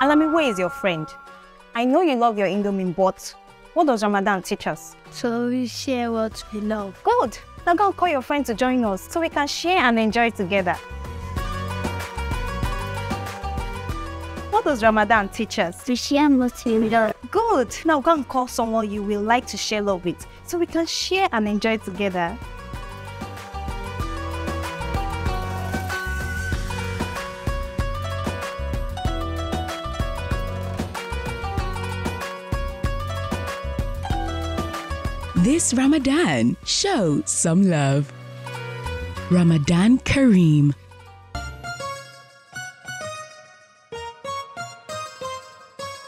Alami, where is your friend? I know you love your Indomie, but what does Ramadan teach us? So we share what we love. Good! Now go call your friend to join us so we can share and enjoy together. What does Ramadan teach us? To share Muslim love. Good. Now go and call someone you will like to share love with so we can share and enjoy together. This Ramadan, show some love. Ramadan Kareem.